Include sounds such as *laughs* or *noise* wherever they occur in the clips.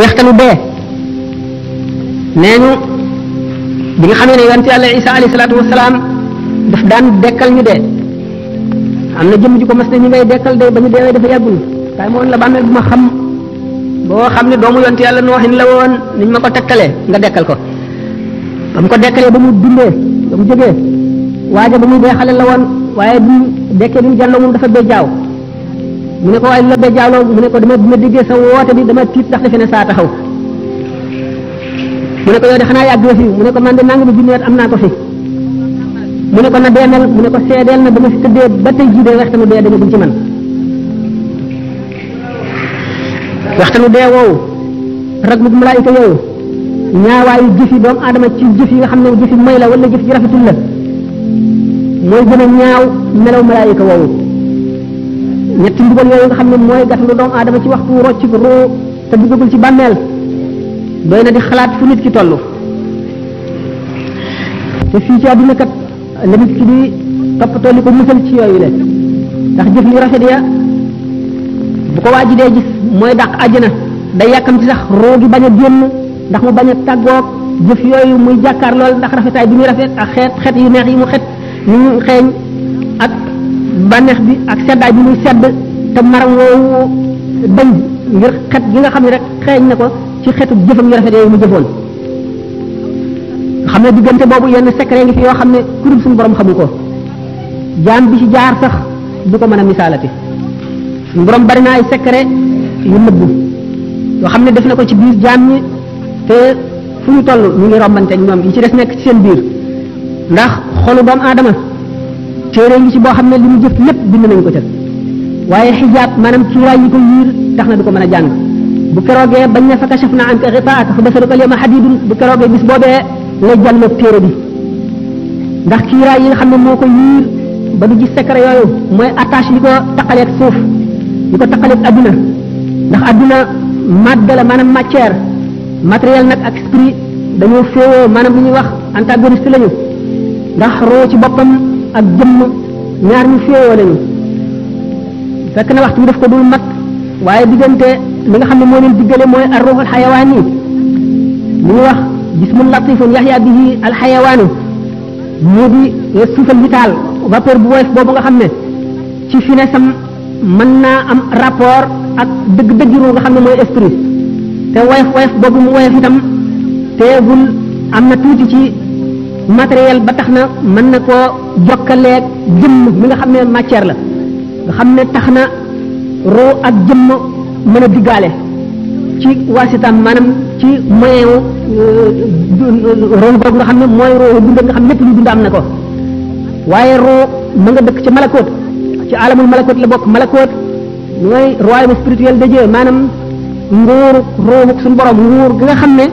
wextalu dee nee ñu bi nga xamee ne yonent yàlla isa alayhi salaatu daf daan dekkal ñu de am na jëmm ju ko mas ne ñu ngay dekkal dee ba ñu deewee dafa yàggul waaye moom la bàmmeel bu ma xam boo xam ne doomu yonent yàlla nooxin la woon niñ ma ko tekkalee nga dekkal ko ba mu ko dekkalee ba mu dundee ba mu jógee waaja ba muy dee la woon waaye du mu dekkee bi mu moom dafa bee jaaw mu ne ko waaye la bejjaaloo mu ne ko dama ma déggee sa woote bi dama tiit ndax defe ne saa taxaw mu ne ko yow de xanaa yàgg fi mu ne ko man de nangami junni at am naa ko fi mu ne ko na dee mel mu ne ko seedeel na ba ma fi tëddee ba tey jii de waxtanu dee dañu ci man waxtanu dee woowu raglu malaayika yooyu ñaawaayu jëfi doomu aadama ci jëf yi nga xam ne jëfi may la wala jëf ji rafetul la mooy gën a ñaaw melaw malaayika woowu ñetti mbugal yooyu nga xamne moy gatt lu doom adama ci waxtu rocc ro te duggagul ci bàmmeel doyna di xalaat fu nit ki tollu te fi ci aduna kat la nit ki di top tolli ko musal ci yoyu le ndax jëf li rafet ya bu ko waji dee gis mooy dàq àjjana day ci sax ro gi baña genn ndax mu baña tagok jëf yoyu muy jakar lol ndax rafetay bi muy rafet ak xet xet yu neex yi mu xet ñu xeeñ ak bànneex bi ak seddaay bi muy sedd te maram woowu dañ ngir xet gi nga xam ne rek xeeñ na ko ci xetu jëfam yu rafet yooyu mu jëfoon xam ne diggante boobu yenn secret ngi fi yoo xam ne kurub suñu borom xamu ko jaam bi ci jaar sax du ko mën a misaalati suñu borom bari na ay secret yu nëbbu yoo xam ne def na ko ci biir jaam ñi te fu ñu toll ñu ngi rombante ñoom yi ci des nekk ci seen biir ndax xolu doomu aadama téere ngi ci bo xam ne jëf lepp bind nañ ko ca waaye xijaab maanaam cuuraay yi ko yir tax na du ko jang a jàng bu keroogee bañ ne fa kashafna an ka xitaaka fa basaru yama xadidun bu keroogee bis la jall jàll téere bi ndax ray yi nga xam ne yir ba du gis secret yoyu moy attache liko ko ak suuf liko ko ak aduna ndax aduna madala manam matière matériel nak ak esprit dañu féewoo manam li ñuy wax antagoniste lañu ndax ro ci bopam ak jëmm ñaar ñu féewoo lañu fekk na waxtu bi def ko dul mat waaye diggante li nga xam ne moo leen diggale mooy arruux alxayawaan yi li ñuy wax jismun latifun yaxya bihi alxayawaanu moo di suufal vital vapeur bu woyof boobu nga xam ci finesse am mën naa am rapport ak dëgg-dëgg ru nga xam ne mooy esprit te woyof woyof boobu mu woyof itam teewul am na tuuti ci matériel ba tax na man na ko jokkale jëmm mi nga xam ne matière la nga xam ne tax na ruu ak jëmm mën a diggaale ci waasitaam maanaam ci moyen ruu euh, boobu nga xam ne mooy ruu dund nga xam lépp lu dund am na ko waaye ruu ma nga dëkk ci malakoot ci alamul malakoot la bokk malakoot way royaume spirituel de Dieu maanaam nguur ruuxu suñu borom nguur nga xam ne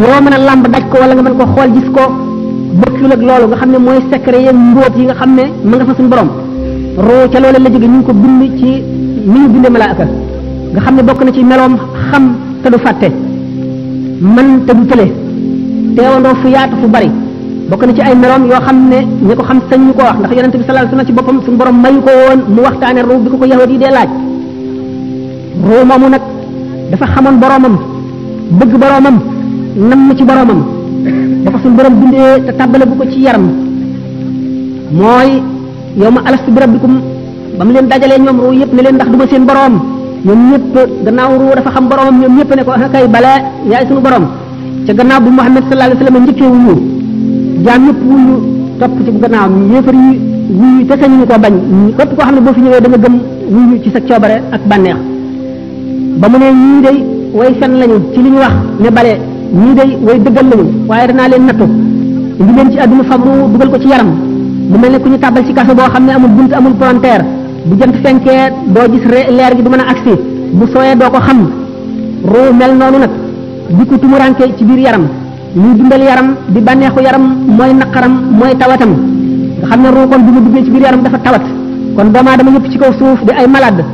loo mën a làmb daj ko wala nga mën ko xool gis ko bokkul ak loolu nga xam ne mooy secret yeeg mbóot yi nga xam ne ma nga fa suñu borom roo ca loolee la jóge ñu ko bind ci ni ñu bindee malaaka nga xam ne bokk na ci meloom xam te du fàtte man te du tële teewandoo fu yaatu fu bari bokk na ci ay meloom yoo xam ne ñi ko xam sañ ñu ko wax ndax yonente bi sallallahu alayhi wasallam ci boppam suñu borom mayu ko woon mu waxtaane ruu bi ko ko yahud yi de laaj ruu moomu nag dafa xamoon boromam bëgg boromam nam ci boromam dafa suñu borom bindee te tàbbale bu ko ci yaram mooy yow ma alastu bi rabbikum ba mu leen dajalee ñoom ruu yëpp ne leen ndax du ma seen borom ñoom ñëpp gannaaw ruu dafa xam boromam ñoom ñëpp ne ko ah kay bala yaay suñu borom ca gannaaw bu Muhammad sallallahu alayhi wasallam njëkkee wuñu jaam ñëpp wuñu topp ci gannaaw yéefar yi wuñu te sañuñu ko bañ képp koo xam ne boo fi ñëwee da nga gëm wuñu ci sa coobare ak bànneex ba mu ne ñii day way fen lañu ci li wax ne ñii day way dëggal lañu waaye danaa leen nattu indi leen ci àdduna fabru dugal ko ci yaram mu mel ne ku ñu tàbbal ci kaso boo xam ne amul bunt amul palanteer bu jant fenkee doo gis leer gi du mën a agsi bu sooyee doo ko xam ruu mel noonu nag di ko tumuranke ci biir yaram ñuy dundal yaram di bànneexu yaram mooy naqaram mooy tawatam nga xam ne ruu kon bi mu duggee ci biir yaram dafa tawat kon doomu aadama yëpp ci kaw suuf di ay malade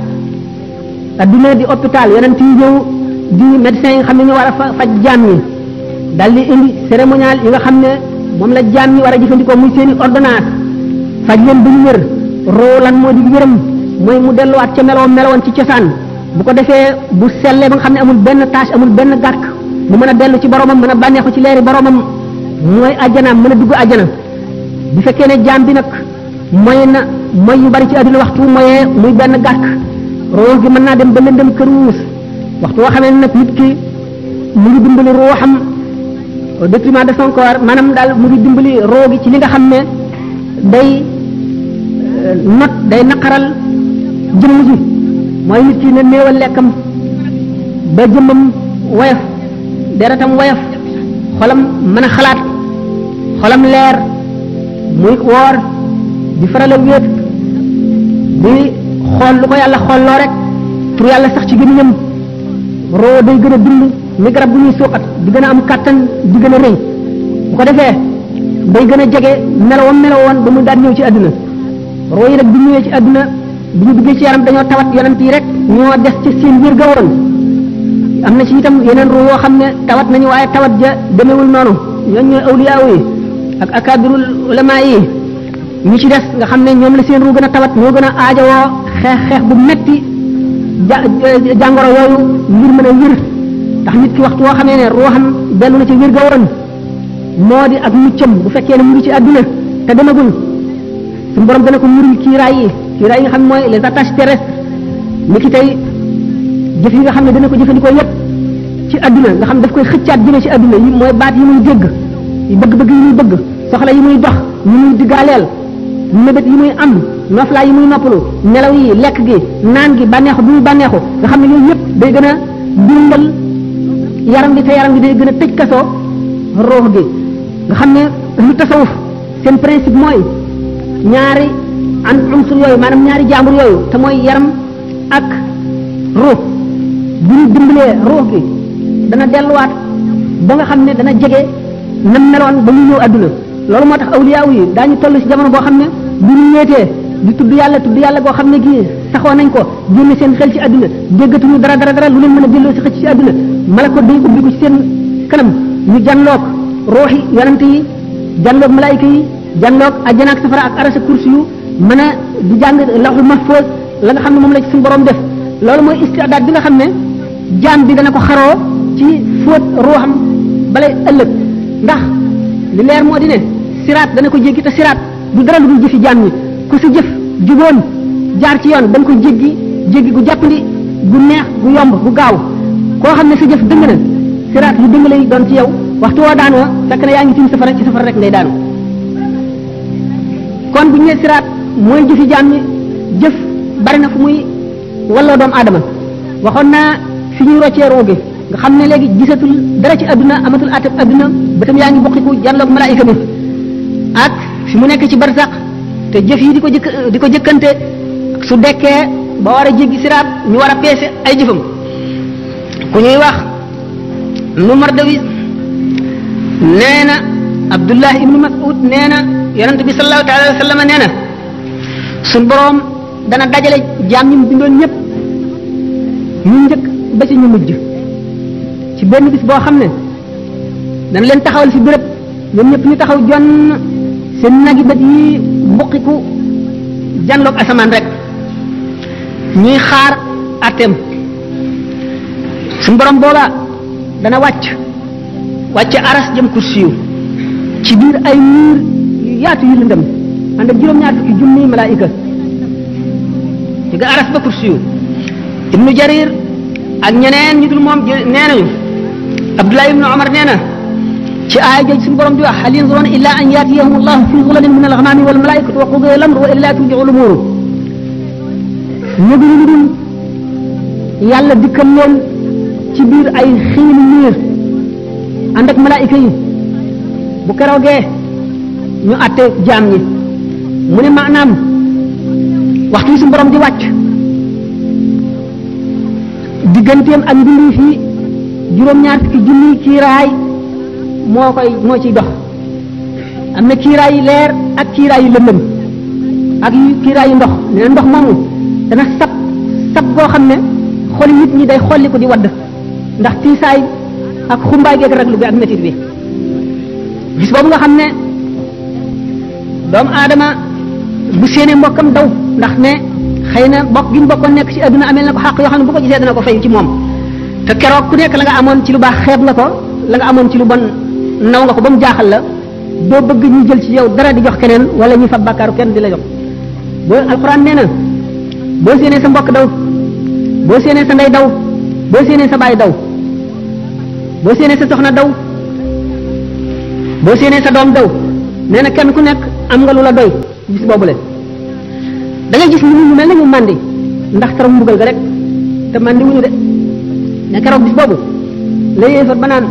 adduna di hôpital yeneen yi di médecins yi nga xam ne ñu a faj jaam ñi dal di indi cérémonial yi nga xam ne moom la jaam ñi war a jëfandikoo muy seen i ordonnance faj leen bu ñu wér roo lan moo di yërëm mooy mu delluwaat ci meloom meloon ci cosaan bu ko defee bu sellee ba nga xam ne amul benn tâche amul benn gàkk mu mën a dellu ci boromam mën a bànneexu ci leeri boromam mooy ajjanaam mën a dugg ajjana bu fekkee ne jaam bi nag mooy na mooy yu bari ci àdduna waxtu mooyee muy benn gàkk roo gi mën naa dem ba lëndëm kër wuus waxtu woo xamee nag nit ki mu ngi dimbali ruuxam au détriment de son corps daal mu ngi dimbali roo gi ci li nga xam ne day euh, not day naqaral jëmm ji mooy nit ki ne néewal lekkam ba jëmmam woyof deretam woyof xolam mën xalaat xolam leer muy woor di faral a wéet di xool lu ko yàlla xool rek pour yàlla sax ci gémmiñam roo day gën a dund ni garab bu ñuy suuxat di gën a am kàttan di gën a rëy bu ko defee day gën a jege melowam melowoon ba mu daan ñëw ci àdduna roo yi nag bi ñëwee ci àdduna bi ñu duggee ci yaram dañoo tawat yonent yi rek ñoo des ci seen biir gawaroon am na ci itam yeneen roo yoo xam ne tawat nañu waaye tawat ja demewul noonu ñooñ ñooy awliyaaw yi ak akabirul ulama yi ñu ci des nga xam ne ñoom la seen ruu gën a tawat ñoo gën a aajowoo xeex xeex bu metti jàngoro yooyu ngir mën a wér ndax nit ki waxtu woo xamee ne ruuxam dellu na ci wér ga woon moo di ak muccam bu fekkee ne mu ngi ci àdduna te demagul suñu borom dana ko muril kiiraay yi kiiraay yi nga xam mooy les attaches terrestres ni ki tey jëf yi nga xam ne dana ko jëfandikoo yépp ci àdduna nga xam daf koy xëccaat jëme ci àdduna yi mooy baat yi muy dégg bëgg-bëgg yi muy bëgg soxla yi muy dox yi muy diggaaleel mébét yi muy am noflaay yi muy noppalu nelaw yi lekk gi naan gi bànneexu bi muy bànneexu nga xam ne yooyu yëpp day gën a dundal yaram gi te yaram gi day gën a tëj kasoo ruux gi nga xam ne lu tasawuf seen ñaari an unsur yooyu mooy yaram ak dana delluwaat ba nga xam ne dana jege nam meloon ba ñu ñëw àdduna loolu moo tax awliyaaw yi daañu toll ci jamono boo xam ne bu ñu ñeetee di tuddu yàlla tudd yàlla goo xam ne gii saxoo nañ ko génne seen xel ci àdduna déggatuñu dara dara dara lu leen mën a delloo si xëcc ci àdduna malako day ubbi ko ci seen kanam ñu jànloog ruuxi yonante yi jànloog malaayika yi jànloog ajjana ak safara ak arasa kursi yu mën a di jàng laxul mahfoos la nga xam ne moom la ci suñu borom def loolu mooy istiadaat bi nga xam ne jaam bi dana ko xaroo ci fóot ruuxam balay ëllëg ndax li leer moo di ne siraat dana ko jéggi te siraat du dara lu dul jëfi jaam yi ku sa jëf juboon jaar ci yoon da nga ko jéggi jéggi gu jàppandi gu neex gu yomb gu gaaw koo xam ne sa jëf dëng na siraat yu doon ci yow waxtu woo daanoo fekk na yaa ngi tiim safara ci safara rek ngay daanu kon bu ñu nee siraat mooy jëfi jaam jëf bari na muy walloo doomu aadama waxoon naa fi ñuy roccee rooge nga xam ne léegi gisatul dara ci adduna amatul atab adduna ba tam yaa ngi bokkiku janloog malaayika bi ak fi mu nekk ci barsax te jëf yi di jëk diko di su dekkee ba wara jëgi sirat ñu wara pécé ay jëfëm ku ñuy wax nu mardawi abdullah ibn mas'ud nee yaronte bi sallallahu taala wa sallam nee sun borom dana dajale jaam ñu bindoon ñëpp ñu njëkk ba ci ñu mujj ci benn bis boo xam ne dana leen taxawal béréb ñoom ñëpp ñu taxaw jonn seen nagi mbuqiku janloog asamaan rek ñuy xaar atem suñu borom dana wàcc wàcc aras jëm kursiyu ci biir ay niir yu yaatu yu lëndëm ànd ak juróom-ñaar fukki junni malaayika jóge aras ba kursiyu ibnu jarir ak ñeneen ñu dul moom nee nañu abdullahi ibnu omar nee ci aaya jooju suñu borom di wax hal yanzuruna illa an yatiyahum allahu fi zulalin min alghamami wal malaikatu wa qudiya al amru wa ilallahi turja'u al umur yëguñu lu dul yàlla dikkal leen ci biir ay xiinu niir ànd ak malaayika yi bu keroogee ñu àtte jaam ñi mu ne maanaam waxtu yi suñu borom di wàcc digganteem ak mbindeef yi juróom-ñaar fukki junni ci raay moo koy moo ciy dox am na kiiraay yu leer ak kiiraay yu lëndëm ak yu kiiraay yu ndox nee na ndox moomu dana sab sab goo xam ne xoli nit ñi day xoli ko di wadd ndax tiisaay ak xumbaay bi ak lu bi ak métit bi bis boobu nga xam ne doomu aadama bu séenee mbokkam daw ndax ne xëy na bokk gi mu bokkoon nekk ci adduna amel na ko xàq yoo xam ne bu ko gisee dana ko fay ci moom te keroog ku nekk la nga amoon ci lu baax xeeb nga ko la nga amoon ci lu bon naw nga ko ba mu jaaxal la doo bëgg ñu jël ci yow dara di jox keneen wala ñuy fa bàkkaaru kenn di la jox boo alxuraan nee na boo boo séenee sa ndey daw boo séenee sa baay daw boo séenee sa soxna daw boo séenee sa doom daw nee na kenn ku nekk am la boobu la da ngay gis mel ne ñu ndax keroog mbugal te màndi wuñu de ne keroog ba naan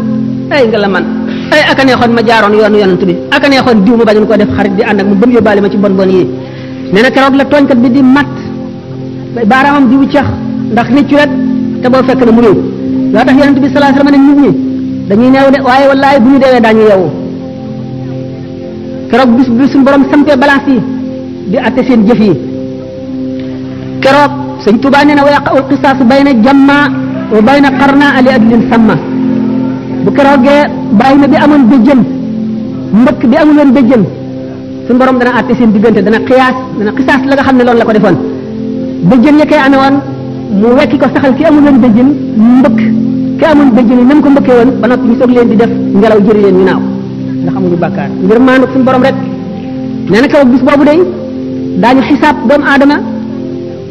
ay nga la man ay eh, aka neexoon ma jaaroon yoonu yonent bi aka neexoon diw ma bañoon koo def xarit di ànd ak mu bëm yóbbaale ma ci bon bon yi nee keroog la tooñkat bi di mat baaraamam diwu cax ndax nit ci wet te boo fekk na mu réew loo tax yonent bi sallallahu alayhi wasallam ne nit ñi dañuy neew de waaye wallaay bu ñu deewee daañu yeewu keroog bis bi suñu borom sampee balance yi di atte seen jëf yi keroog sëñ Tuubaa nee na wa yaqa'u al-qisaasu bayna jamma wa bayna qarna li adlin samma bu kéro gé na bi amoon béjjën mbëkk bi amul woon béjjën sun borom dana atté seen digënté dana qiyas dana qisas la nga xamné loolu la ko defoon béjjën ya koy ane woon mu wéki ko saxal ki amul woon béjjën mbëkk ki amul béjjën yi nam ko mbëkké won ba noppi ñu sok leen di def ngelaw jëri leen ñu naaw xam amuñu bakkar ngir maanu sun borom rek nee na kaw bis bobu day dañu hisab doom adama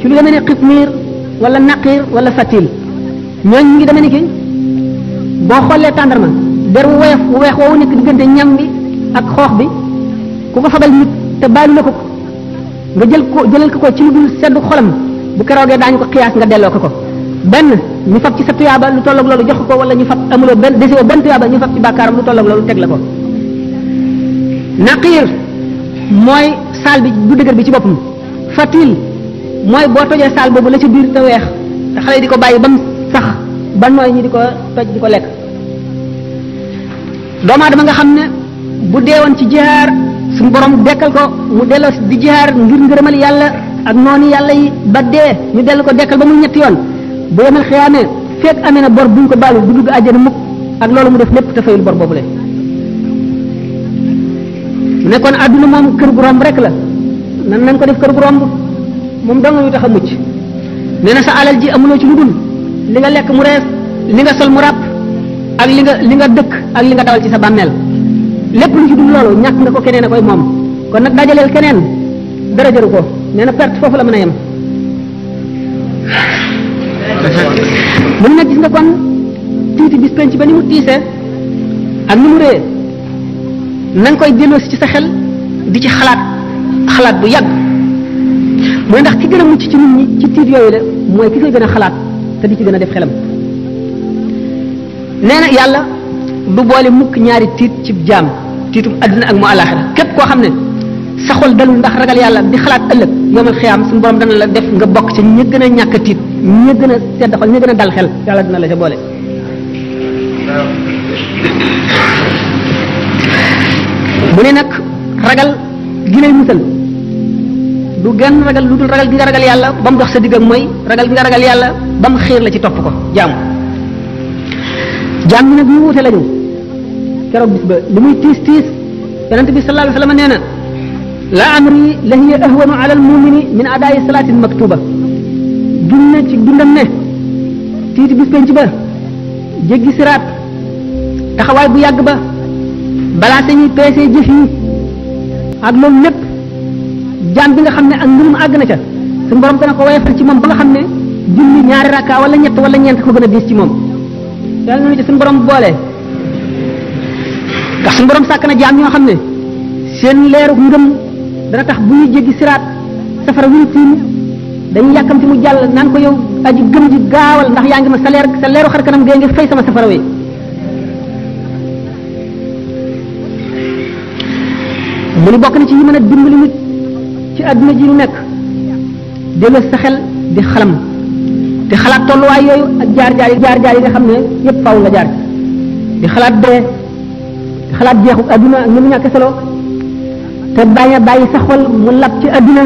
ci lu demee ne xismiir wala naqir wala fatil ñooñu ngi dama ni ki boo xoolee tàndarma der wu weex wu weex woowu nekk diggante ñam bi ak xoox bi ku ko fabal nit te baalu la ko nga jël ko jëlal ko ko ci lu dul seddu xolam bu keroogee daañu ko xiyaas nga delloo ko ko benn ñu fab ci sa tuyaaba lu tolloog loolu jox ko wala ñu fab amuloo benn desewoo benn tuyaaba ñu fab ci bàkkaaram lu tolloog loolu teg la ko naqiir mooy saal bi du dëgër bi ci boppam fatil mooy boo tojee saal boobu la ci biir te weex te xale yi di ko bàyyi ba sax ban mooy ñi di ko toj di ko lekk doomu aadama nga xam ne bu deewoon ci jihaar suñu borom dekkal ko mu delloo di jihaar ngir ngërëmal yàlla ak noonu yàlla yi ba dee ñu dell ko dekkal ba mu ñetti yoon bu yemal xiyaamee fekk amee na bor buñ ko baalul du dugg àjjana mukk ak loolu mu def lépp te fayul bor boobu le mu nekkoon àdduna moom kër gu romb rek la nan nañ ko def kër gu romb moom dong ñu tax a mucc nee na sa alal ji amuloo ci lu dul li nga lekk mu rees li nga sol mu ràpp ak li nga li nga dëkk ak li nga dawal ci sa bàmmeel lépp lu ci dul loolu ñàkk nga ko keneen a koy moom kon nag dajaleel keneen dara jëru ko nee na perte foofu la mën a yem *laughs* mun na gis nga kon tiiti bis penc ba ni ak ni koy delloosi ci sa di ci xalaat xalaat bu yàgg mooy ndax ki gën a mucc ci nit ci tiit yooyu la mooy ki koy gën a xalaat te di ci gën a def xelam nee na yàlla du boole mukk ñaari tiit ci jaam tiitum àdduna ak mu àllaaxira képp koo xam ne sa xol dalul ndax ragal yàlla di xalaat ëllëg yoomal xiyaam suñu borom dana la def nga bokk ci ñi gën a ñàkk a tiit ñi gën a sedd xol ñi gën a dal xel yàlla dina la ca boole mu ne nag ragal gi lay musal du genn ragal lu dul ragal gi nga ragal yalla bam dox sa digg ak mooy ragal gi nga ragal yalla bam xeer la ci top ko jam jam nak ñu wute lañu keroog bis ba limuy muy tiis yaronte bi sallallahu alayhi wasallam neena la amri la hiya ahwanu ala al mumini min adai salatin maktuba dunna ci dundam ne titi bis ci ba jeegi sirat taxaway bu yag ba balaa sañuy peesee jëf yi ak loolu nga xamne ak ngirum ag na ca sun borom dana ko wayfal ci mom ba nga xamne ne julli ñaari rakka wala ñett wala ñent ko gëna bis ci mom dal ñu ci sun borom boole ndax sun borom sak na jaam ñoo xamne seen leeru ngëm dara tax bu ñu jéggi sirat safara wuñu tim dañu yàkkamti mu jall nan ko yow aji gëm ji gaawal ndax yaangi ma sa leer sa leeru xar kanam fay sama safara way mu ni bokk na ci yi dimbali nit ci àdduna ji ñu nekk delloo sa xel di xalam di xalaat tolluwaay yooyu ak jaar-jaar yi jaar-jaar yi nga xam ne yépp faaw nga jaar ci di xalaat dee di xalaat jeexu àdduna ak ni mu ñàkk solo te bañ a bàyyi sa xol mu lab ci àdduna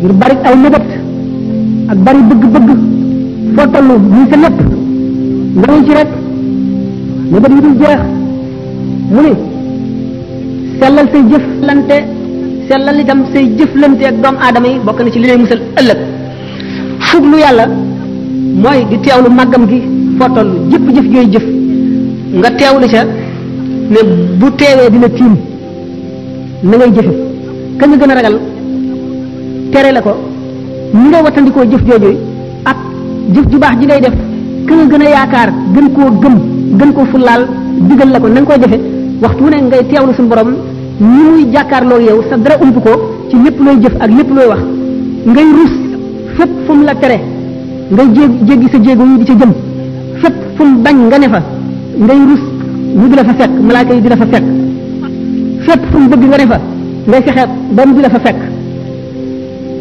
ngir bari ay mébét ak bari bëgg-bëgg foo toll muy sa lépp nga ci rek mébét yi dul jeex mu ne sellal say jëf lante li itam say jëflante ak doomu aadama yi bokk na ci li lay musal ëllëg fuglu yàlla mooy di teewlu màggam gi foo toll jëf jooy jëf nga teewlu ca ne bu teewee dina na ngay jëfe ka gën a ragal tere la ko ni nga wattandikoo jëf jooju ak jëf ju baax ji ngay def ka nga gën a yaakaar gën koo gëm gën koo fullaal digal la ko na nga koy jëfe waxtu ne ngay teewlu suñu borom ni muy jakarlo yow sa dara umbu ko ci lepp loy jëf ak lepp loy wax ngay rus fep fum la téré ngay jéggi sa jéego yi di ca jëm fep fum bañ nga nefa ngay rus ñu di la fa fekk malaaka yi di la fa fekk fep fum bëgg nga nefa ngay fexé ba mu di la fa fekk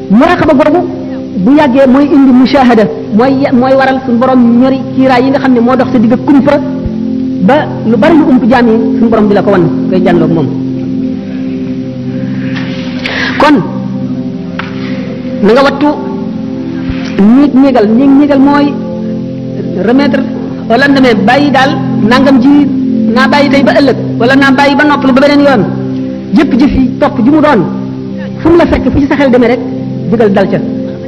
muraqaba bu yagge moy indi mushahada moy ya-, moy waral sun borom ñori kiiraay yi nga xamni mo dox sa digg kumpa ba lu bari lu ump jaam yi borom di ko wan ngay mom kon na nga wattu niig niigal niig niigal mooy remettre au lendemain bàyyi daal nangam ji naa bàyyi tey ba ëllëg wala naa bàyyi ba noppalu ba beneen yoon jëpp jëf yi topp ji mu doon fu mu la fekk fu ci sa xel demee rek jugal dal ca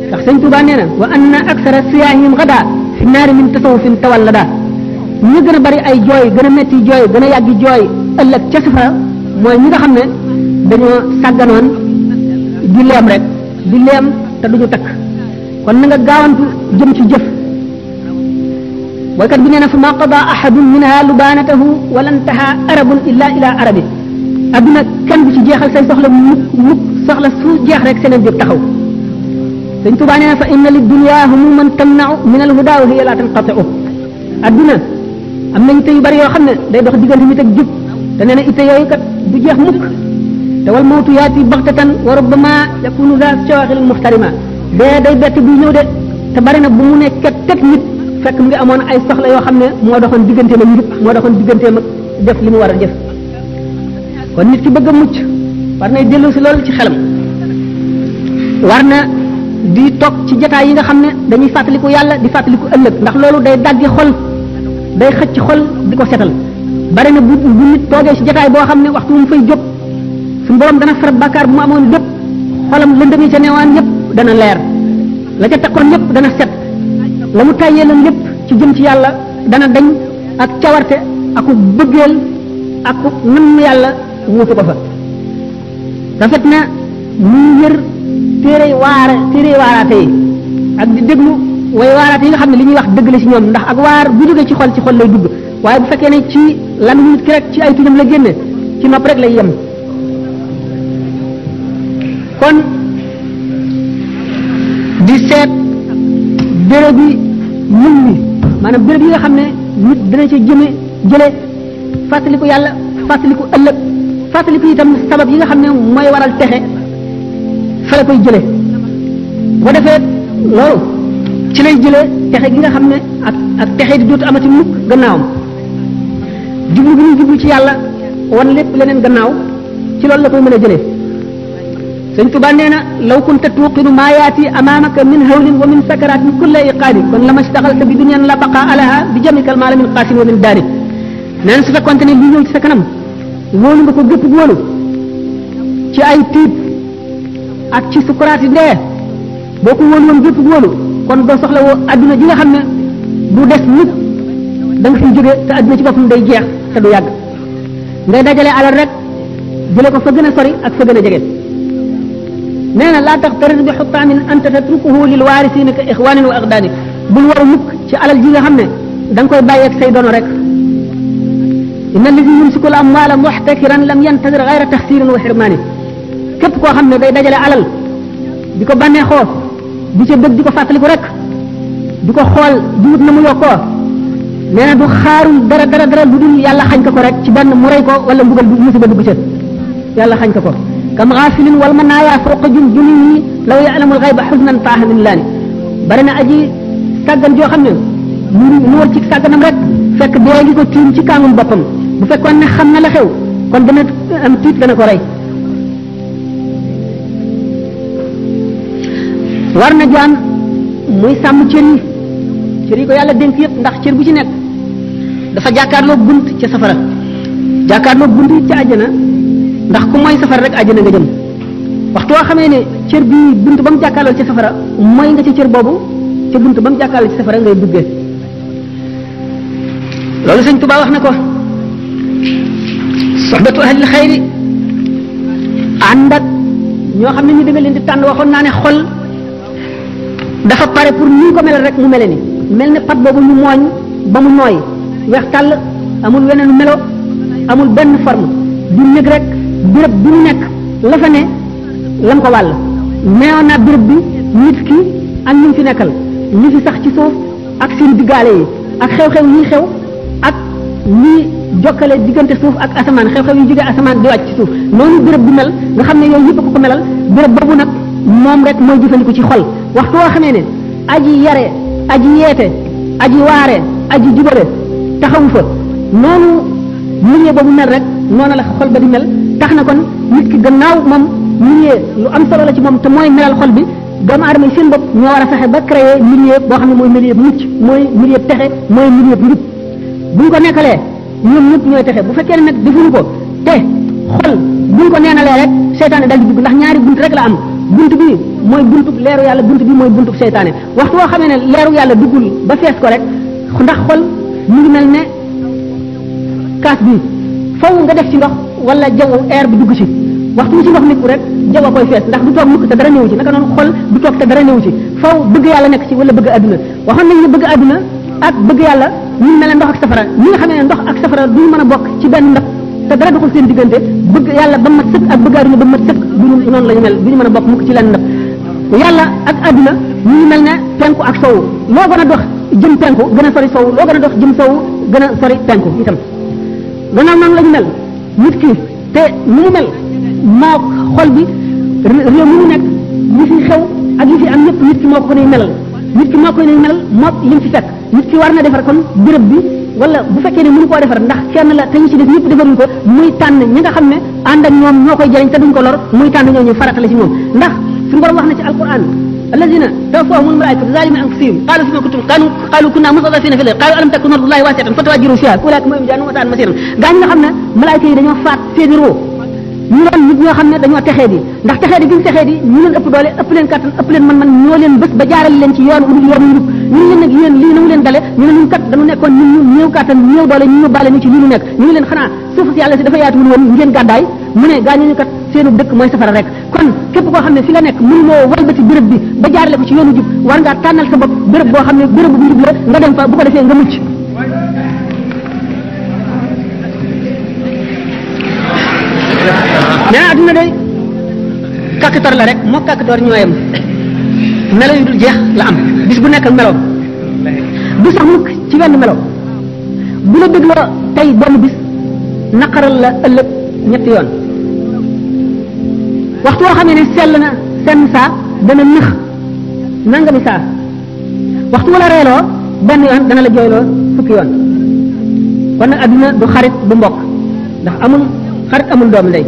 ndax sëñ Tuubaa nee na wa anna aksara siyaahim xadaa fi naari min tasawufin tawallada la gën a bari ay jooy gën a metti jooy gën a yàggi jooy ëllëg ca safara mooy ñi nga xam ne dañoo sàgganoon julleem rek julleem te duñu takk kon na nga gaawantu jëm ci jëf boykat bi nee na fa ma qada ahadun minha lubanatahu wala intaha arabun illa ila arabi aduna kenn du ci jeexal say soxla mukk mukk soxla su jeex rek seneen jóg taxaw dañ tubaa nee na fa inna lidunya humuman tamnau min alhuda wa hiya la tanqatiu aduna am na itte yu bari yoo xam ne day dox diggante nit ak jub te nee na itte yooyu kat du jeex mukk والموت ياتي بغتة وربما يكون ذا شواغل محترمة بي داي بيت بي نيو دي تا بارينا نيت مو نيك تك نيت فك مي امون اي سخلا يو خامني مو دوخون ديغنتي مو نيت مو دوخون ديغنتي مك ديف لي مو وارا ديف كون نيت كي بëgg مucc وارنا ديلو سي لول سي خلم وارنا دي توك سي جتا ييغا خامني داني فاتليكو يالا دي فاتليكو ëlëk ndax لولو داي داغي خول داي xëcc خول diko sétal bari na bu nit toge ci jotaay bo xamne waxtu mu fay suñu borom dana far bàkkaar bu mu amoon lépp xolam lëndëm yi ca neewaan yépp dana leer la ca takkoon yépp dana set la mu tàyyeeloon lépp ci jëm ci yàlla dana dañ ak cawarte aku bëggeel aku nam yàlla wuutu ko fa rafet na muy yër téere waara téere waaraate yi ak di déglu way waaraate yi nga xam ne li ñuy wax dëgg la ci ñoom ndax ak waar bu jógee ci xol ci xol lay dugg waaye bu fekkee ne ci lan nit ki rek ci ay tuñam la génne ci nopp rek la yem kon di seet béréb yi mën mi maanaam béréb yi nga xam ne nit dana ca jëme jële fàttaliku yàlla fàttaliku ëllëg fàttaliku itam sabab yi nga xam ne mooy waral texe fa la koy jële bu defee loolu ci lay jëlee texe gi nga xam ne ak ak texe di dootu amati mukk gannaawam jublu gi ñuy jublu ci yàlla wan lépp leneen gannaaw ci loolu la koy mën a jëlee سنت بانينا لو كنت توقن ما ياتي امامك من هول ومن سكرات من كل ايقاد كن لما اشتغلت بدنيا لا بقى عليها بجمك المال من قاسم ومن دارك نان سفا كنت ني بيو سي كانم وولو نكو غيب وولو تي اي تيب اك تي سكرات دي بوكو وولو نكو غيب وولو كون دو سخلا و ادنا جيغا خامن دو ديس نيت داغ سي جوغي تا ادنا سي باكم داي جيخ تا دو ياغ ngay dajale alal rek jëlé ko fa gëna sori ak fa نانا لا تغترز بحطة من أن تتركه للوارثين كإخوان وأغدان بل ورمك شعال الجيغة همنا دانك بايك سيدون رك إن الذي يمسك الأموال محتكرا لم ينتظر غير تخسير وحرمان كيف كو همنا داي داجل علل ديكو باني خو ديكو بد ديكو فاتل كو رك ديكو خوال ديوت نمو يوكو نانا دو خارو درا درا درا لدن يالا خانك كو رك تبان مريكو ولا مبال مسيبا دو بجد يالا خانك كو kam xaafilin wal mën naa yaa fooqa jun juni law yaalamul xayba xusnan faaxa min laani bari na aji sàggan joo xam ne mu nuur ci sàgganam rek fekk dee ngi ko tiim ci kàngum batam bu fekkoon ne xam na la xew kon dana am tiit dana ko rey war na jaan muy sàmm cër yi cër yi ko yàlla dénk yëpp ndax cër bu ci nekk dafa jàkkaarloo bunt ca safara jàkkaarloo bunt ca àjjana ndax ku moy safara rek aljana nga jëm waxtu wa xamé né cër bi buntu bam jakkalo ci safara moy nga ci cër bobu ci buntu bam jakkalo ci safara ngay duggé lolu señ tuba wax nako sahbatu ahli alkhair andak ño xamné ñu dëggal leen di tan waxon na né xol dafa paré pour ñu ko mel rek mu meleni melni pat bobu ñu moñ ba mu noy wex tal amul wenen melo amul ben forme du neug rek béréb bi mu nekk la fa ne lam ko wàll neewoon naa bi nit ki ak ñu fi nekkal li fi sax ci suuf ak seen diggaale yi ak xew-xew yi xew ak lii jokkale diggante suuf ak asamaan xew-xew yi jóge asamaan di wàcc ci suuf noonu béréb bi mel nga xam ne yooyu yëpp ko ko melal béréb boobu nag moom rek mooy jëfandiku ci xol waxtu woo xamee ne aji yare aji yeete aji waare aji jubale taxawu fa noonu milieu boobu mel rek noonu la xol ba di mel tax na kon nit ki gannaaw moom milieu lu am solo la ci moom te mooy melal xol bi doomu aadama yi seen bopp ñoo war a fexe ba créer milieu boo xam ne mooy milieu bu mucc mooy milieu bu texe mooy milieu bu njub buñ nekkalee ñoom ñooy texe bu fekkee ne nag defuñu ko te xol buñ ko neenalee rek seytaane daal di dugg ndax ñaari bunt rek la am bunt bi mooy buntub leeru yàlla bunt bi mooy buntub seytaane waxtu woo xamee ne leeru yàlla duggul ba fees ko rek ndax xol mu ngi mel ne kaas bi nga def ci ndox wala jaww air bu dugg ci waxtu ci ndox nekku rek jaww a koy fees ndax du toog mukk te dara néew ci naka noonu xol du toog te dara néew ci faw bëgg yàlla wala bëgg àdduna waxoon nañ ne bëgg àdduna ak bëgg yàlla ñu mel ne ndox ak safara ñi nga xam ne ndox ak safara duñu mën a bokk ci benn ndab te dara doxul seen diggante bëgg yàlla ba mat sëkk ak bëgg àdduna ba mat sëkk duñu noonu la ñu mel duñu mën a bokk mukk ci lenn ndab yàlla ak àdduna ñu mel ak sowu loo gën a dox jëm penku gën a sori sowu loo gën a dox jëm sowu gën a sori penku itam gannaaw noonu la ñu mel nit ki te ni mu mel moo xol bi réew mi mu nekk li fi xew ak li fi am ñëpp nit ki moo ko nay melal nit ki moo koy nay melal moo lim fi fekk nit ki war na defar kon béréb bi wala bu fekkee ne mënu koo defar ndax kenn la te ñu ci def ñëpp defaruñ ko muy tànn ñi nga xam ne ànd ak ñoom ñoo koy jëriñ te duñ ko lor muy tànn ñoo ñu farata la ci ñoom ndax suñu borom wax na ci alquran الذين توفاهم الملائكة بظالم أنفسهم قالوا فيما كنتم قالوا قالوا كنا مستضعفين في الأرض قالوا ألم تكن أرض الله واسعة فتواجروا فيها أولئك ما يمجانون وسعا مسيرا قالوا خمنا ملائكة dañoo فات سيدي روح ñu doon nit ñoo xam ne dañoo texee di ndax texee di gi ñu texee di ñu leen ëpp doole ëpp leen kattan ëpp leen man-man ñoo leen bés ba jaaral leen ci yoon udul yoon njub ñu leen lii na leen dale ñu ne ñun kat dañu nekkoon ñun ñu néew kattan néew doole ñu ñu bàle ne xanaa suuf si yàlla si dafa yaatuwul woon ngeen gàddaay mu ne gaañu ñu kat seenu dëkk mooy safara rek kon képp koo xam ne fi nga nekk mënuloo walbati béréb bi ba jaarale ko ci yoonu jub war ngaa tànnal sa bopp boo xam ne béréb bu njub la nga dem fa bu ko defee nga mucc ne nah, aduna day kakkitor la rek mo kak ñoo ñoyam melo yu dul jeex la am bis bu nekk melo bu sax mu ci wenn melo bu la deglo tay benn bis nakaral la ëllëg ñetti yoon waxtu wo xamene sel na sen sa dana nëx nangami sa waxtu wala reeloo ben yoon dana la jeylo fukki yoon kon aduna du xarit bu mbokk ndax amul xarit amul doom lay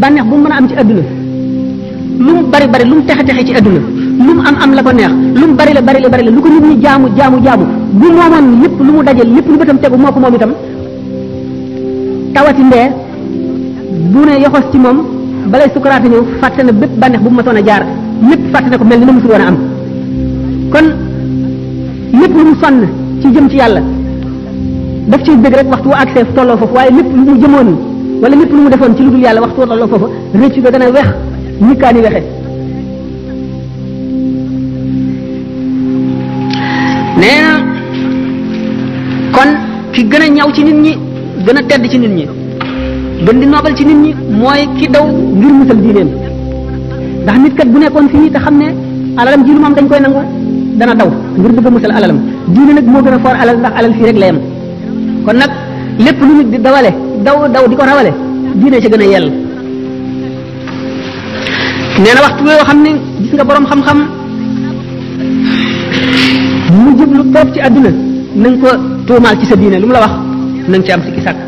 bànneex bu mu mën a am ci adduna lu mu bari bari lu mu texe texe ci adduna lu mu am am la ko neex lu mu bari la bari la bari la lu ko nit ñi jaamu jaamu jaamu bu moomoon lépp lu mu daje lépp lu bëtam tegu moo ko moom itam tawati ndee ci moom balay sukaraate ñëw fàtte bépp bànneex bu mu a jaar lépp fàtte na ko mel ni na musul a am kon lépp lu mu sonn ci jëm ci yàlla daf ciy bëgg rek waxtu wu accès tolloo foofu waaye lépp lu mu jëmoon wala lépp lu mu defoon ci lu dul yàlla waxtu tolloo foofa rëccu ga gën a wex ñikkaani wexe nee na kon ki gën a ñaw ci nit ñi gën a tedd ci nit ñi gën di noobal ci nit ñi mooy ki daw ngir musal diineem ndax nit kat bu nekkoon fii te xam ne alalam ji lu moom dañ koy nangu dana daw ngir bëgg a musal alalam diine nag moo gën a foor alal ndax alal fii rek la yem kon nag lépp lu nit di dawale daw daw di ko rawale diine ci gën a yell nee na waxtu yoo xam ne gis nga boroom xam-xam mu jublu toog ci àdduna na nga ko tuumaal ci sa diine lu mu la wax na ci am sikki sàkk